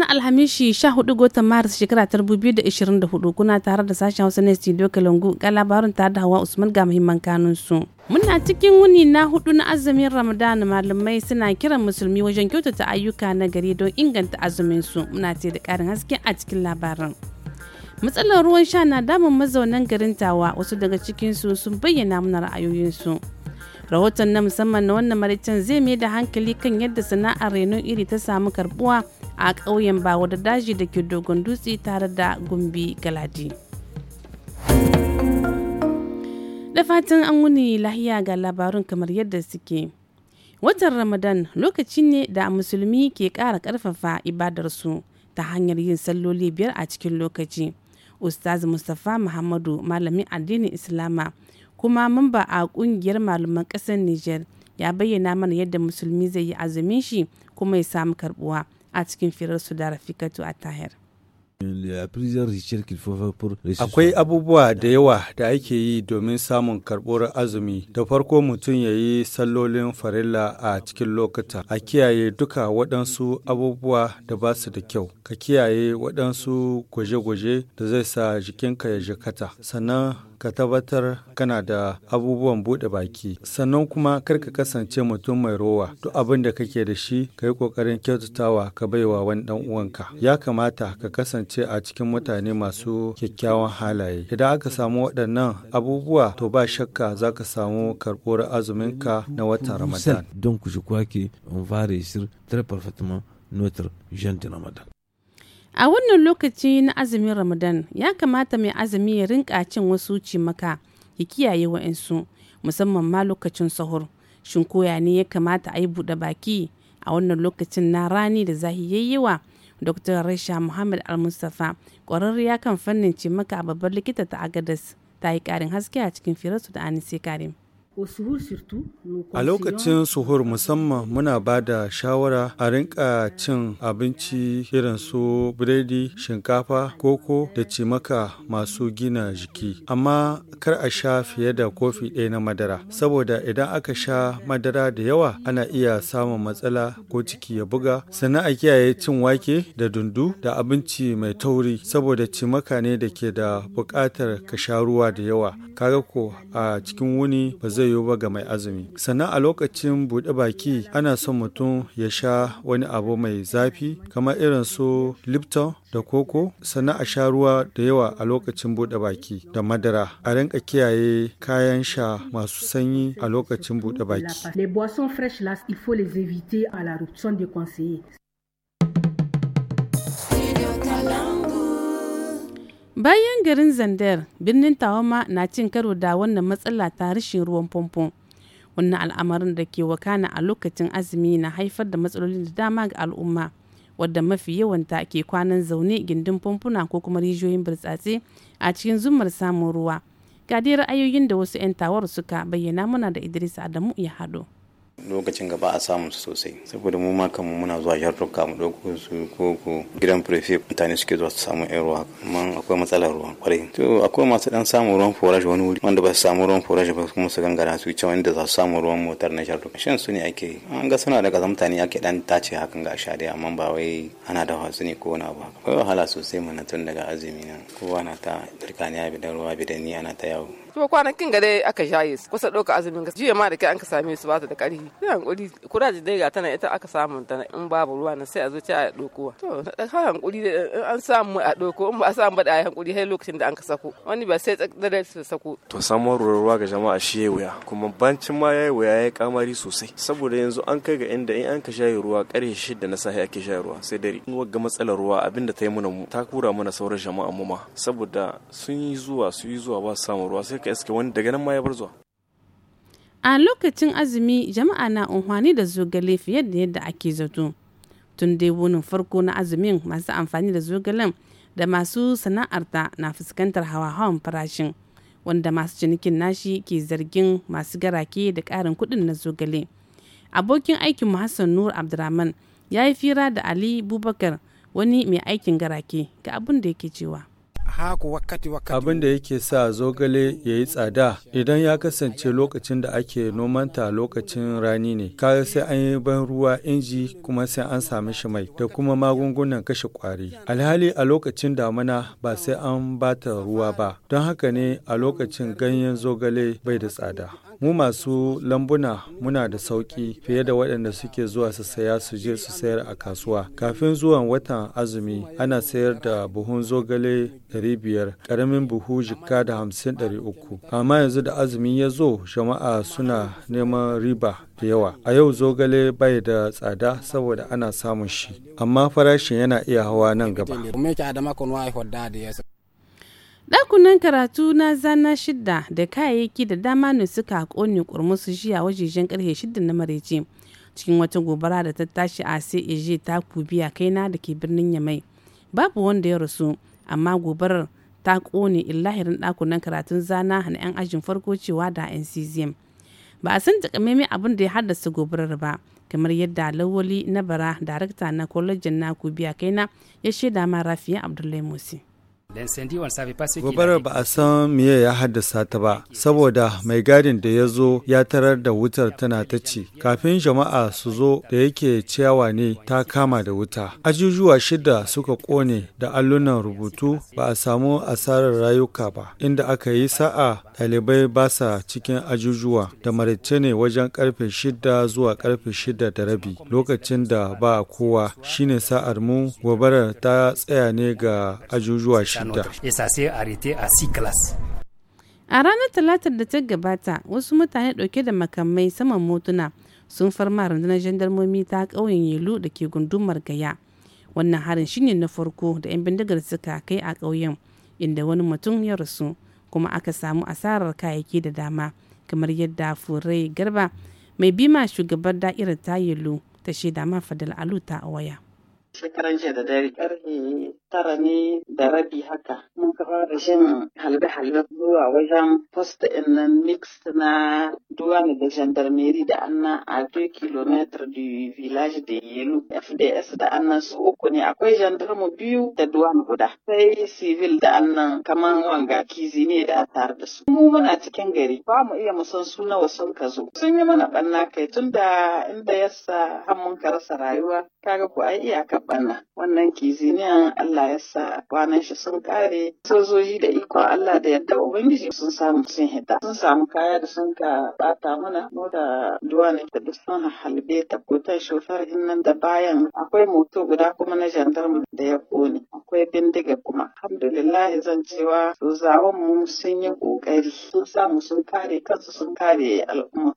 ranar alhamishi 14 watan maris shekara ta 2024 kuna tare da sashen hausa na studio kalangu ga labarin tare da hawa usman ga muhimman kanun su muna cikin wuni na hudu na azumin ramadan malamai suna kiran musulmi wajen kyautata ayyuka na gari don inganta azumin su muna ce da karin haske a cikin labarin matsalar ruwan sha na damun mazaunan garin tawa wasu daga cikin su sun bayyana mana ra'ayoyinsu rahoton na musamman na wannan maraicen zai mai da hankali kan yadda sana'ar renon iri ta samu karbuwa a ƙauyen bawa da daji da ke dogon dutse tare da gumbi galadi da fatan an wuni lahiya ga labarun kamar yadda suke watan ramadan lokaci ne da musulmi ke ƙara ƙarfafa ibadarsu ta hanyar yin salloli biyar a cikin lokaci ustaz mustapha muhammadu malamin addinin islama kuma mamba a kungiyar malaman ƙasar Nijar ya bayyana mana yadda musulmi zai yi azumin shi kuma ya samu karbuwa a cikin firar su da Rafikatu a Tahir. Akwai abubuwa da yawa da ake yi domin samun karɓar azumi. Da farko mutum ya yi sallolin farilla a cikin lokuta. A kiyaye duka waɗansu abubuwa da ba su da kyau. Ka kiyaye waɗansu gwaje-gwaje da zai sa jikinka ya jikata. Sannan ka tabbatar kana da abubuwan buɗe baki. Sannan kuma kar ka kasance mutum mai rowa. Duk abin da kake da shi ka yi ƙoƙarin kyautatawa ka baiwa wani ɗan uwanka. Ya kamata ka kasance kasance a cikin mutane masu kyakkyawan halaye idan aka samu waɗannan abubuwa to ba shakka za ka samu azumin ka na watan ramadan don ku shi kwake fara shir tare ramadan a wannan lokaci na azumin ramadan ya kamata mai azumi ya rinka cin wasu maka ya kiyaye wa'insu musamman ma lokacin sahur shin koya ne ya kamata a yi buɗe baki a wannan lokacin na rani da zahi yayyewa dr rasha muhammad al mustafa ƙwararriya kan fannin cimaka a babbar likita ta agadas ta yi ƙarin haske a cikin firarsu da anise karim A lokacin suhur musamman muna ba da shawara a rinka cin abinci irin su biredi, shinkafa, koko da cimaka masu gina jiki. Amma kar a sha fiye da kofi ɗaya na madara, saboda idan aka sha madara da yawa ana iya samun matsala ko ciki ya buga. Sannan a kiyaye cin wake da dundu da abinci mai tauri, saboda cimaka ne da ke da buƙatar ka sha ruwa da yawa. Kaga ko a cikin wuni ba zai yiwu ba ga mai azumi sannan a lokacin buɗe baki ana son mutum ya sha wani abu mai zafi kamar irin su lipton da koko sannan a sha ruwa da yawa a lokacin buɗe baki da madara a rinka kiyaye kayan sha masu sanyi a lokacin buɗe baki bayan garin zandar birnin tawama na cin karo da wannan matsala ta rashin ruwan famfo wannan al'amarin da ke wakana a lokacin azumi na haifar da matsalolin da dama ga al'umma wadda mafi yawanta ke kwanan zaune gindin famfuna ko kuma rijiyoyin burtsatse a cikin zumar samun ruwa ga ra'ayoyin da wasu 'yan tawar suka bayyana mana da idris adamu ya hado. lokacin gaba a samun su sosai saboda mu ma muna zuwa jarurruka mu ɗauko su ko ko gidan prefe mutane suke zuwa su samu yan ruwa amma akwai matsalar ruwa kwarai to akwai masu dan samun ruwan forage wani wuri wanda ba su samu ruwan forage ba kuma su gangara su can wanda za su samu ruwan motar na jarurruka shan su ne ake an ga suna da kazan mutane ake dan tace hakan ga sha amma ba wai ana da hatsu ne ko wani abu akwai wahala sosai mana tun daga azumi na kowa na ta tsirkaniya bidan ruwa bidan ni ana ta yawo to kin ga dai aka shaye su kusa ɗauka azumin gaskiya jiya ma da kai an ka same su ba ta da ƙarfi ina hankuri kuraji dai ga tana ita aka samu ta in babu ruwa na sai a zo ci a ɗauko to har hankuri da an samu a ɗauko in ba a samu ba da hankuri har lokacin da an ka sako wani ba sai tsakdare su sako to samuwar ruwa ga jama'a shi yayi wuya kuma bancin ma yayi wuya yayi kamari sosai saboda yanzu an kai ga inda in an ka shaye ruwa ƙarfe shida na safe ake shaye ruwa sai dare wagga matsalar ruwa abinda ta yi mana ta kura mana sauran jama'a mu ma saboda sun yi zuwa su yi zuwa ba samu ruwa sai ka iske wani daga nan ma ya bar zuwa a lokacin azumi jama'a na unhwani da zogale fiye da yadda ake zato tun dai wunin farko na azumin masu amfani da zogalen da masu sana'arta na fuskantar hawa-hawan farashin wanda masu cinikin nashi ke zargin masu garake da karin kuɗin na zogale abokin aikin hassan nur abdurrahman ya yi fira da ali bubakar wani mai aikin garake ga abin da yake cewa Abin da yake sa zogale ya yi tsada idan ya kasance lokacin da ake nomanta lokacin rani ne, kaga sai an yi ban ruwa inji kuma sai an sami shi mai da kuma magungunan kashe kwari. Alhali a lokacin damuna ba sai an bata ruwa ba, don haka ne a lokacin ganyen zogale bai da tsada. mu masu lambuna muna da sauƙi fiye da waɗanda suke zuwa su saya su je su sayar a kasuwa kafin zuwan watan azumi ana sayar da buhun zogale 500 ƙaramin buhu jikka da 50 300 amma yanzu da azumi ya zo jama'a suna neman riba da yawa a yau zogale bai da tsada saboda ana samun shi amma farashin yana iya hawa nan gaba ɗakunan karatu na zana shida da kayayyaki da dama ne suka ƙone shi a wajejen karfe shida na marece cikin wata gobara da ta tashi a sai ta kubiya kaina da ke birnin yamai babu wanda ya rasu amma gobarar ta ƙone illahirin ɗakunan karatun zana na 'yan ajin farko cewa da nccm ba a san takamaimai abin da ya haddasa gobarar ba kamar yadda lawali na bara darakta na kwalejin na kubiya kaina ya shaida ma rafiya abdullahi musin Gobarar ba a san miye ya haddasa ta ba, saboda mai gadin da ya zo ya tarar da wutar tana ta ci. Kafin jama'a su zo da yake ciyawa ne ta kama da wuta. Ajujuwa shida suka kone da allunan rubutu ba a samu asarar rayuka ba, inda aka yi sa'a ɗalibai ba sa cikin ajujuwa da maraice ne wajen karfe shida zuwa karfe shida da rabi lokacin da ba a kowa shine sa'ar mu gobarar ta tsaya ne ga ajujuwa shida. A ranar Talatar da ta gabata, wasu mutane ɗauke da makamai saman motuna sun farma rundunar jandarmomi ta ƙauyen Yelu da ke gundumar Gaya. Wannan harin shine na farko da 'yan bindigar suka kai a ƙauyen, inda wani mutum ya rasu. kuma aka samu asarar kayayyaki da dama kamar yadda furai garba mai bima shugabar da'irar tayelu ta shaida ma fadal aluta a waya. shekaran jiya da dare karfe tara ne da rabi haka mun ka fara shin halbe-halbe zuwa wajen post in the mix na duwa da gendarmeri da anna a 2 km du village de yelu fds da annan su uku ne akwai gendarmu biyu da duwa guda sai civil da annan kamar wanga kizi ne da tare da su mu muna cikin gari ba mu iya mu san su nawa sun ka zo sun yi mana banna kai tun da inda yasa har mun ka rasa rayuwa kaga ko ai iyaka bana wannan kiziniyan Allah ya sa kwanan shi sun kare sojoji da ikon Allah da yadda ubangiji sun samu sun hita sun samu kaya da sun ka bata mana mu da ne da duk sun halbe tabbutan shofar nan da bayan akwai moto guda kuma na gendarme da ya kone akwai bindiga kuma alhamdulillah zan cewa sozawan mu sun yi kokari sun samu sun kare kansu sun kare al'umma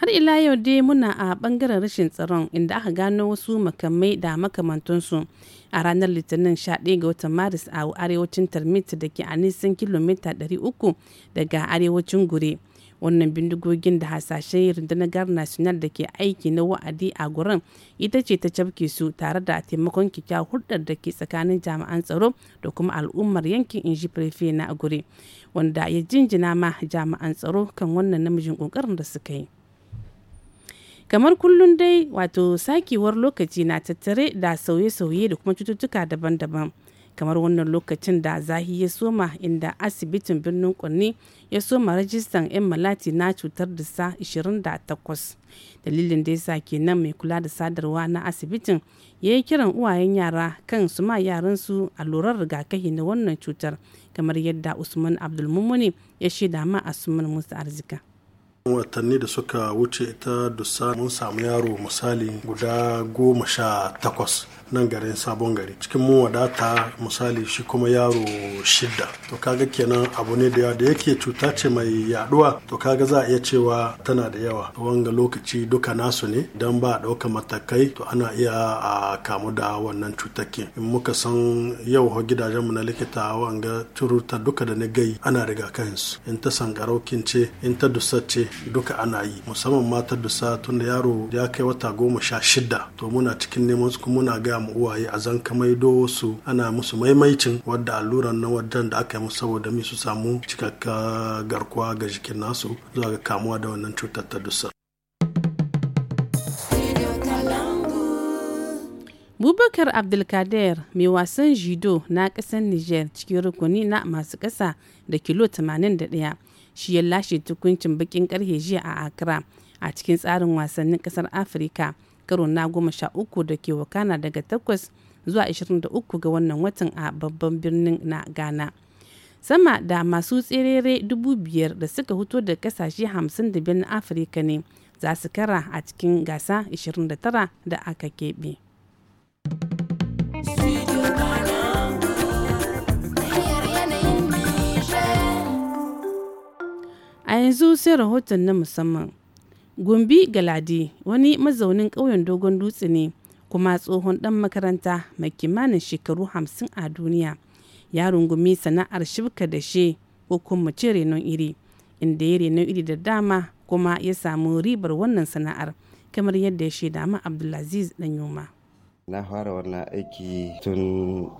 har ila yau dai muna a bangaren rashin tsaron inda aka gano wasu makamai da makamantansu a ranar litinin 11 ga watan maris a arewacin tarmit da ke a nisan kilomita 300 daga arewacin gure wannan bindigogin da hasashen rundunar national da ke aiki na wa'adi a gurin ita ce ta cafke su tare da taimakon kyakkyawar hulɗar da ke tsakanin jami'an tsaro da kuma al'ummar yankin inji prefe na gure wanda ya jinjina ma jami'an tsaro kan wannan namijin ƙoƙarin da suka yi kamar kullum dai wato sakewar lokaci na tattare da sauye-sauye da kuma cututtuka daban-daban kamar wannan lokacin da zahi ya soma inda asibitin birnin kwanne ya soma rajistan 'yan malati na cutar da sa 28 dalilin da yasa kenan mai kula da sadarwa na asibitin ya yi kiran uwayen yara kan su ma yaransu allurar rigakafi na wannan cutar kamar yadda usman abdulmumuni ya shaida ma asuman musa arzika watanni da suka wuce ta dusa mun samu yaro misali guda goma sha takwas nan garin sabon gari cikin mu wadata misali shi kuma yaro shidda to kaga kenan abu ne da yawa da yake cuta ce mai yaduwa to kaga za a iya cewa tana da yawa wanga lokaci duka nasu ne dan ba dauka matakai to ana iya a kamu da wannan cutakin in muka san yau gidajen mu na likita wanga turuta duka da na gai ana riga su in ta sankarau ce in ta dusa ce duka ana yi musamman ma ta dusa tunda yaro ya kai wata goma sha shida to muna cikin neman su muna ga mu uwaye a zan ka maido su ana musu maimaicin wadda alluran na wadan da aka yi musu saboda mi su samu cikakka garkuwa ga jikin nasu zuwa ga kamuwa da wannan cutar ta dusa. Bubakar Abdulkader mai wasan judo na ƙasar Niger cikin rukuni na masu ƙasa da kilo 81 shi ya lashe tukuncin bakin karhe jiya a Accra a cikin tsarin wasannin ƙasar Afirka karo na goma sha uku da ke wakana daga takwas zuwa 23 ga wannan watan a babban birnin na ghana sama da masu tserere biyar da suka hito da kasashe hamsin da biyar na afirka ne za su kara a cikin gasa 29 da aka keɓe. a yanzu sai rahoton na musamman Gumbi Galadi wani mazaunin ƙauyen Dogon Dutse ne kuma tsohon ɗan makaranta mai kimanin shekaru hamsin a duniya. Ya rungumi sana'ar shibka she ko kuma ce renon iri inda ya renon iri da dama kuma ya samu ribar wannan sana'ar kamar yadda ya shaida ma Abdulaziz Danyuma. na fara wannan aiki tun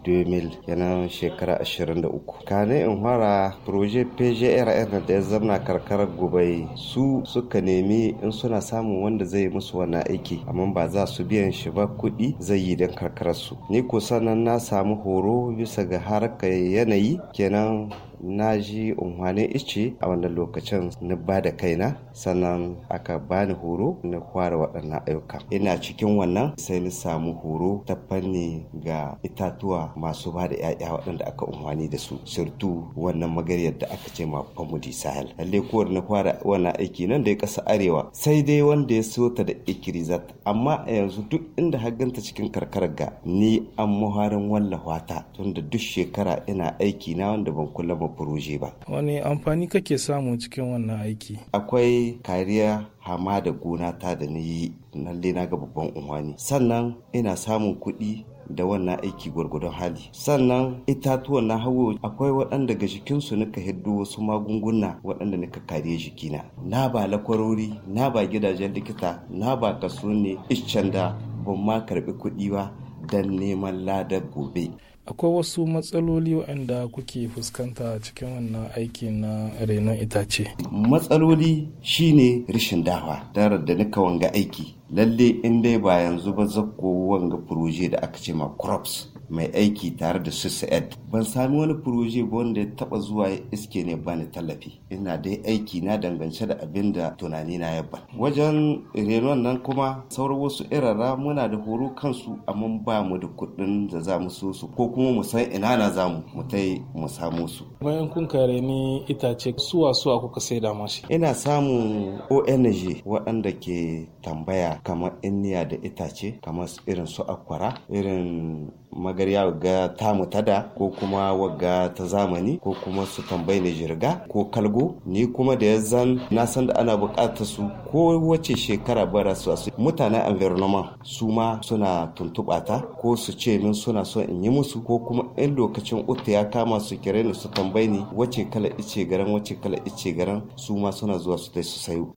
2000 kenan shekara 23 kane in fara proje pjrn da ya zama karkarar gobe su suka nemi in suna samun wanda zai musu wannan aiki amma ba za su biyan shi ba kuɗi zai yi don karkararsu ni ko sannan na samu horo bisa ga harkar yanayi kenan na ji unhwanin ice a wannan lokacin na ba da kaina sannan aka bani horo na fara waɗannan ayyuka ina cikin wannan sai na samu horo ta fanni ga itatuwa masu ba da 'ya'ya waɗanda aka unhwani da su surtu wannan magaryar da aka ce ma famudi sahel lalle kowar na kwara wannan aiki nan da ya ƙasa arewa sai dai wanda ya sota da ikirizat amma a yanzu duk inda haganta cikin karkarar ga ni an muharin wallafa ta tunda duk shekara ina aiki na wanda ban kula ba furoje ba. Wani amfani kake samu cikin wannan aiki? Akwai kariya hama da gona ta da na yi lalle na ga babban unwani. Sannan ina samun kuɗi da wannan aiki gwargwadon hali sannan itatuwan na hawo akwai waɗanda ga jikinsu nika hiddo wasu magunguna waɗanda nika kariya jikina na ba lakwarori na ba gidajen likita na ba kaso ne iccen da ban ma karɓi kuɗi ba don neman ladar gobe akwai wasu matsaloli waɗanda kuke fuskanta cikin wannan aiki na renon itace matsaloli shine rashin dawa dara da nika wanga aiki lalle in dai ba yanzu ba zakko wanga furoje da aka ce ma crops mai aiki tare da su sa'ad ban sami wani furoje ba wanda ya taɓa zuwa ya iske ne bani tallafi ina dai aiki na dangance da abin da tunani na ya ban wajen renon nan kuma sauran wasu irara muna da horo kansu amma ba mu da kuɗin da za mu so su ko kuma mu san ina na za mu mu tai mu samu su bayan kun kare ni itace suwa suwa kuka saida shi? ina samun ONG waɗanda ke tambaya kamar inniya da itace kamar irin su akwara irin magarya ga ta mutada ko kuma wagga ta zamani ko kuma su tambayi ne jirga ko kalgo ni kuma da ya zan na san da ana bukatar su ko wace shekara bara su mutane a environment su ma suna tuntuɓa ta ko su ce min suna so in yi musu ko kuma in lokacin uta ya kama su kire ni su tambayi ni wace kala ice garan wace kala ice garan su ma suna zuwa su dai su sayo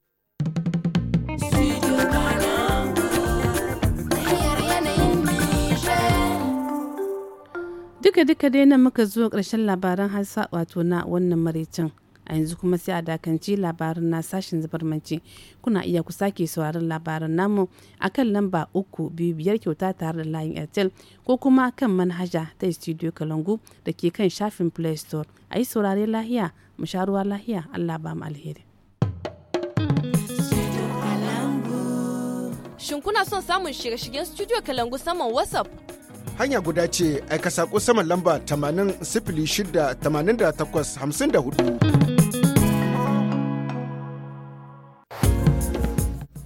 duka duka dai nan muka zo ƙarshen labaran hausa wato na wannan maraicin a yanzu kuma sai a dakanci labarin na sashen zubarmanci kuna iya ku sake sauraron labaran namu a kan lamba uku biyu biyar kyauta tare da layin airtel ko kuma kan manhaja ta studio kalangu da ke kan shafin play store a yi saurare lahiya mu sha lahiya allah ba mu alheri Shin kuna son samun shirye-shiryen Studio Kalangu saman WhatsApp? hanya guda ce aika sako saman lamba 80 06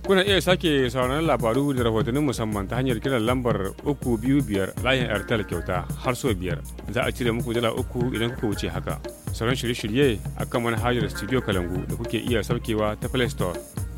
kuna iya sake sauran labaru da rahotannin musamman ta hanyar kiran lambar 325 layin airtel kyauta har so biyar za a cire muku dala uku idan kuka wuce haka sauran shirye-shirye a kan manhajar studio kalangu da kuke iya saukewa ta play store